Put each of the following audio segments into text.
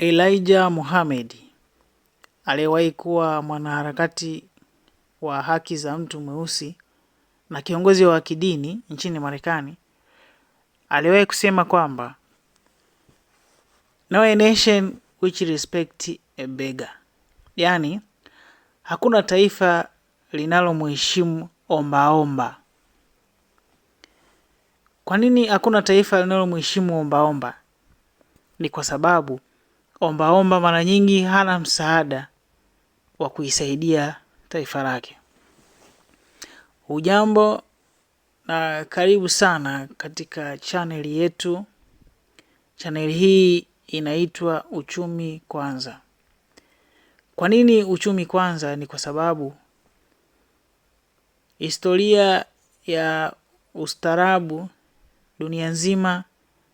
Elijah Muhammad aliyewahi kuwa mwanaharakati wa haki za mtu mweusi na kiongozi wa kidini nchini Marekani aliwahi kusema kwamba no nation which respect a beggar, yaani hakuna taifa linalomheshimu ombaomba. Kwa nini hakuna taifa linalomheshimu ombaomba? Ni kwa sababu ombaomba mara nyingi hana msaada wa kuisaidia taifa lake. ujambo na karibu sana katika chaneli yetu. Chaneli hii inaitwa Uchumi Kwanza. Kwa nini uchumi kwanza? Ni kwa sababu historia ya ustaarabu dunia nzima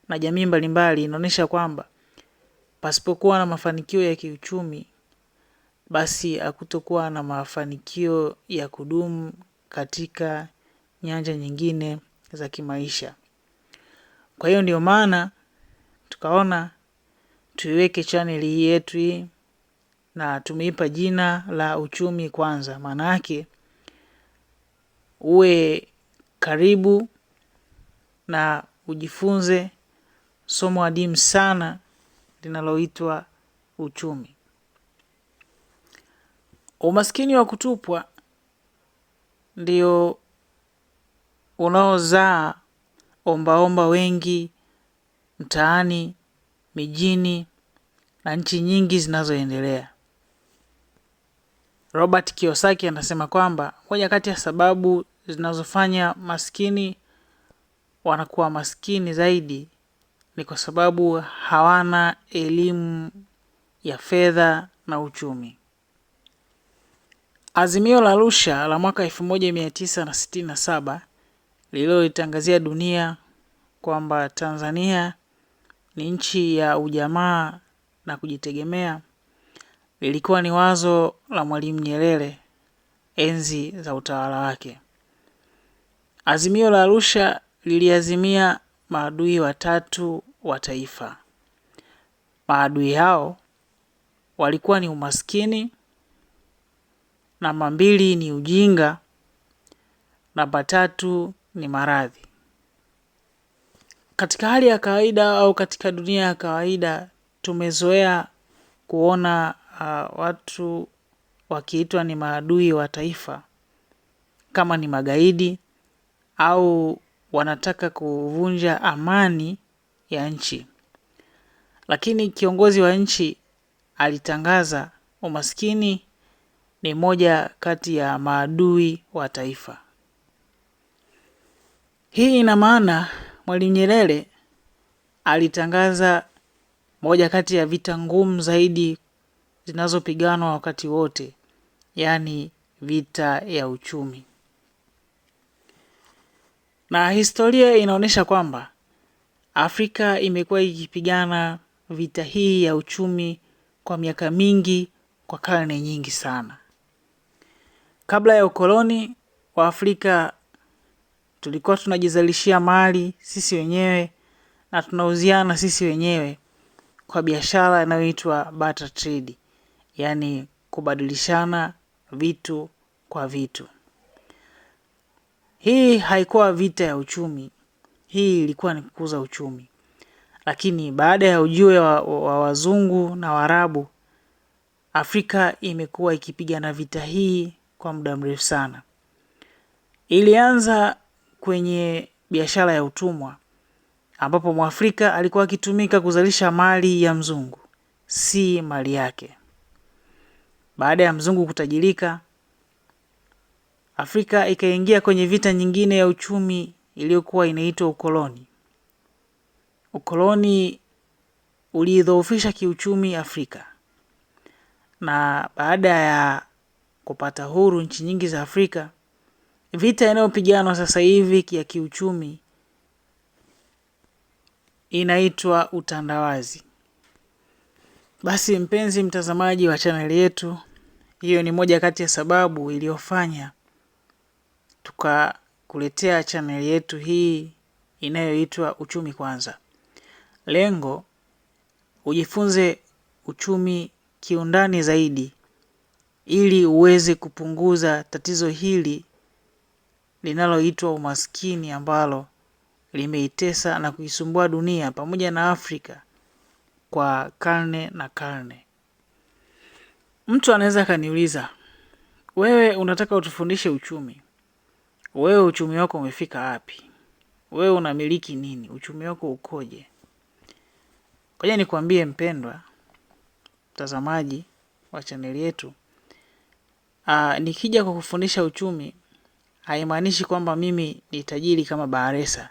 na jamii mbalimbali inaonyesha kwamba Pasipokuwa na mafanikio ya kiuchumi, basi hakutokuwa na mafanikio ya kudumu katika nyanja nyingine za kimaisha. Kwa hiyo ndio maana tukaona tuiweke chaneli hii yetu hii na tumeipa jina la Uchumi Kwanza. Maana yake uwe karibu na ujifunze somo adimu sana linaloitwa uchumi. Umaskini wa kutupwa ndio unaozaa ombaomba wengi mtaani, mijini na nchi nyingi zinazoendelea. Robert Kiyosaki anasema kwamba moja kati ya sababu zinazofanya maskini wanakuwa maskini zaidi ni kwa sababu hawana elimu ya fedha na uchumi. Azimio la Arusha la mwaka 1967 lililoitangazia dunia kwamba Tanzania ni nchi ya ujamaa na kujitegemea lilikuwa ni wazo la Mwalimu Nyerere enzi za utawala wake. Azimio la Arusha liliazimia maadui watatu wa taifa. Maadui hao walikuwa ni umaskini, namba mbili ni ujinga, namba tatu ni maradhi. Katika hali ya kawaida au katika dunia ya kawaida tumezoea kuona uh, watu wakiitwa ni maadui wa taifa kama ni magaidi au wanataka kuvunja amani ya nchi. Lakini kiongozi wa nchi alitangaza umaskini ni moja kati ya maadui wa taifa. Hii ina maana Mwalimu Nyerere alitangaza moja kati ya vita ngumu zaidi zinazopiganwa wakati wote, yaani vita ya uchumi na historia inaonyesha kwamba Afrika imekuwa ikipigana vita hii ya uchumi kwa miaka mingi, kwa karne nyingi sana. Kabla ya ukoloni wa Afrika tulikuwa tunajizalishia mali sisi wenyewe na tunauziana sisi wenyewe kwa biashara inayoitwa barter trade, yaani kubadilishana vitu kwa vitu. Hii haikuwa vita ya uchumi, hii ilikuwa ni kukuza uchumi. Lakini baada ya ujio wa, wa wazungu na Waarabu, Afrika imekuwa ikipigana vita hii kwa muda mrefu sana. Ilianza kwenye biashara ya utumwa ambapo Mwafrika alikuwa akitumika kuzalisha mali ya mzungu, si mali yake. Baada ya mzungu kutajirika, Afrika ikaingia kwenye vita nyingine ya uchumi iliyokuwa inaitwa ukoloni. Ukoloni uliidhoofisha kiuchumi Afrika, na baada ya kupata huru nchi nyingi za Afrika, vita inayopiganwa sasa hivi ya kiuchumi inaitwa utandawazi. Basi mpenzi mtazamaji wa chaneli yetu, hiyo ni moja kati ya sababu iliyofanya tukakuletea chaneli yetu hii inayoitwa Uchumi Kwanza. Lengo ujifunze uchumi kiundani zaidi ili uweze kupunguza tatizo hili linaloitwa umaskini ambalo limeitesa na kuisumbua dunia pamoja na Afrika kwa karne na karne. Mtu anaweza akaniuliza, wewe unataka utufundishe uchumi, wewe uchumi wako umefika wapi? Wewe unamiliki nini? Uchumi wako ukoje? Ngoja nikwambie mpendwa mtazamaji wa chaneli yetu, aa, ah, nikija kwa kufundisha uchumi haimaanishi kwamba mimi ni tajiri kama Baharesa,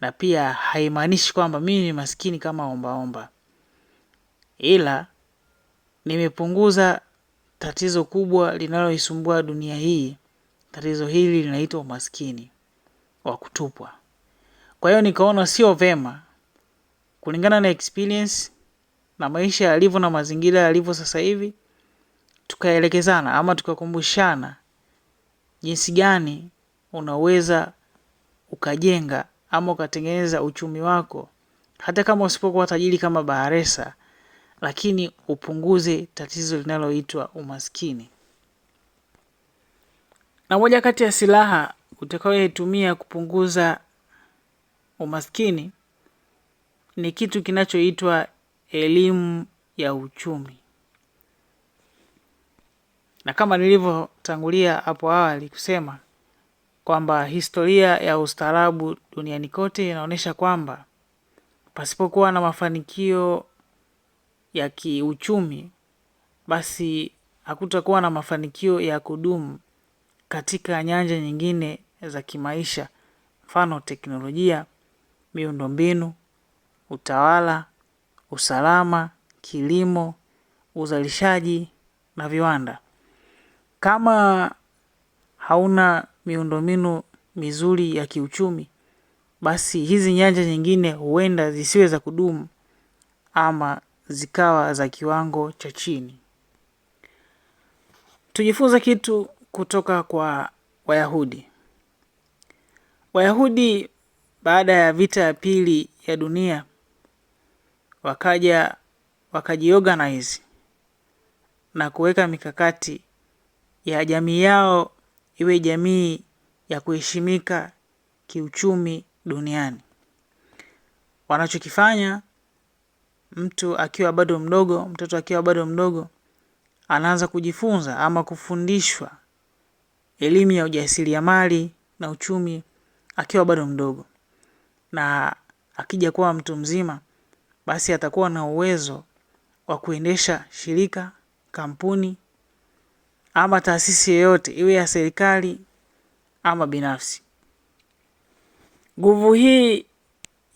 na pia haimaanishi kwamba mimi ni maskini kama ombaomba, ila nimepunguza tatizo kubwa linaloisumbua dunia hii Tatizo hili linaitwa umaskini wa kutupwa. Kwa hiyo nikaona sio vema kulingana na experience na maisha yalivyo na mazingira yalivyo sasa hivi, tukaelekezana ama tukakumbushana jinsi gani unaweza ukajenga ama ukatengeneza uchumi wako hata kama usipokuwa tajiri kama Baharesa, lakini upunguze tatizo linaloitwa umaskini na moja kati ya silaha utakayoitumia kupunguza umaskini ni kitu kinachoitwa elimu ya uchumi. Na kama nilivyotangulia hapo awali kusema kwamba historia ya ustaarabu duniani kote inaonyesha kwamba pasipokuwa na mafanikio ya kiuchumi, basi hakutakuwa na mafanikio ya kudumu katika nyanja nyingine za kimaisha mfano teknolojia, miundombinu, utawala, usalama, kilimo, uzalishaji na viwanda. Kama hauna miundombinu mizuri ya kiuchumi, basi hizi nyanja nyingine huenda zisiwe za kudumu ama zikawa za kiwango cha chini. Tujifunze kitu kutoka kwa Wayahudi. Wayahudi baada ya vita ya pili ya dunia wakaja wakajiorganize na kuweka mikakati ya jamii yao iwe jamii ya kuheshimika kiuchumi duniani. Wanachokifanya, mtu akiwa bado mdogo, mtoto akiwa bado mdogo, anaanza kujifunza ama kufundishwa elimu ya ujasiriamali na uchumi akiwa bado mdogo, na akija kuwa mtu mzima, basi atakuwa na uwezo wa kuendesha shirika, kampuni ama taasisi yoyote iwe ya serikali ama binafsi. Nguvu hii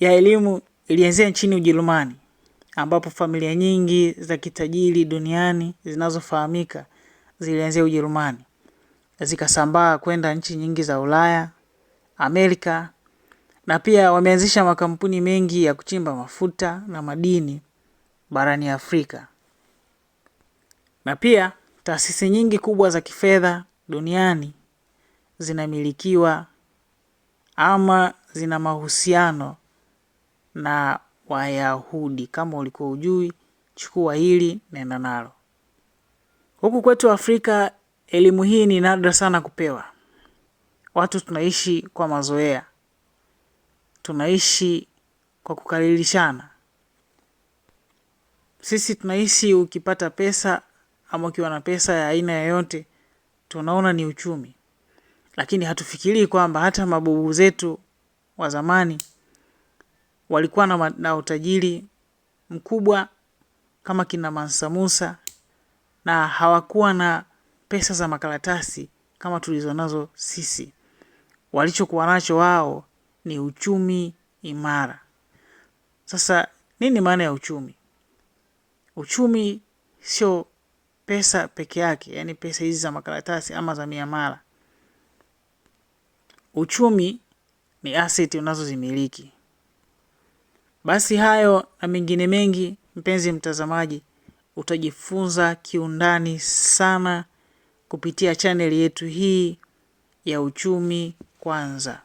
ya elimu ilianzia nchini Ujerumani ambapo familia nyingi za kitajiri duniani zinazofahamika zilianzia Ujerumani zikasambaa kwenda nchi nyingi za Ulaya, Amerika na pia wameanzisha makampuni mengi ya kuchimba mafuta na madini barani Afrika. Na pia taasisi nyingi kubwa za kifedha duniani zinamilikiwa ama zina mahusiano na Wayahudi. Kama ulikuwa ujui, chukua hili nenda nalo. Huku kwetu Afrika Elimu hii ni nadra sana kupewa. Watu tunaishi kwa mazoea, tunaishi kwa kukalilishana. Sisi tunahisi ukipata pesa ama ukiwa na pesa ya aina yoyote tunaona ni uchumi, lakini hatufikirii kwamba hata mabubu zetu wa zamani walikuwa na, na utajiri mkubwa kama kina Mansa Musa na hawakuwa na pesa za makaratasi kama tulizonazo sisi. Walichokuwa nacho wao ni uchumi imara. Sasa nini maana ya uchumi? Uchumi sio pesa peke yake, yaani pesa hizi za makaratasi ama za miamala. Uchumi ni asset unazozimiliki. Basi hayo na mengine mengi, mpenzi mtazamaji, utajifunza kiundani sana kupitia chaneli yetu hii ya Uchumi Kwanza.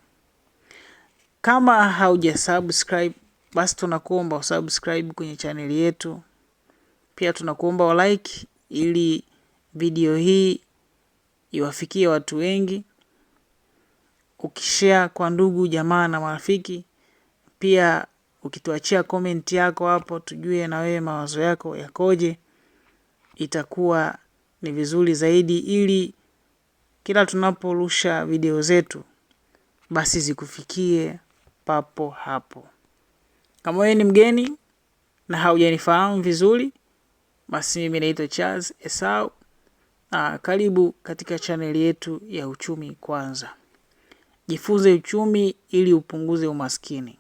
Kama hauja subscribe, basi tunakuomba usubscribe kwenye chaneli yetu, pia tunakuomba ulike ili video hii iwafikie watu wengi, ukishare kwa ndugu jamaa na marafiki, pia ukituachia komenti yako hapo, tujue na wewe mawazo yako yakoje, itakuwa ni vizuri zaidi, ili kila tunaporusha video zetu basi zikufikie papo hapo. Kama wewe ni mgeni na haujanifahamu vizuri, basi mimi naitwa Charles Esau. Aa, karibu katika chaneli yetu ya Uchumi Kwanza. Jifunze uchumi ili upunguze umaskini.